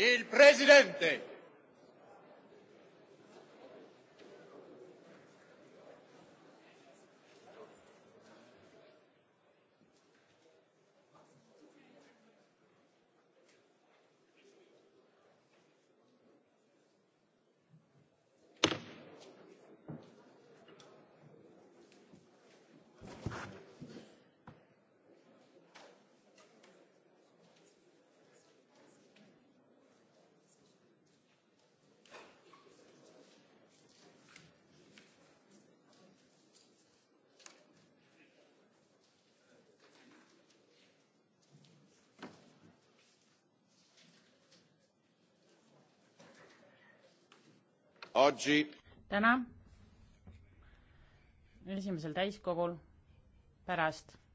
Il presidente. oggi täna esimesel täiskogul pärast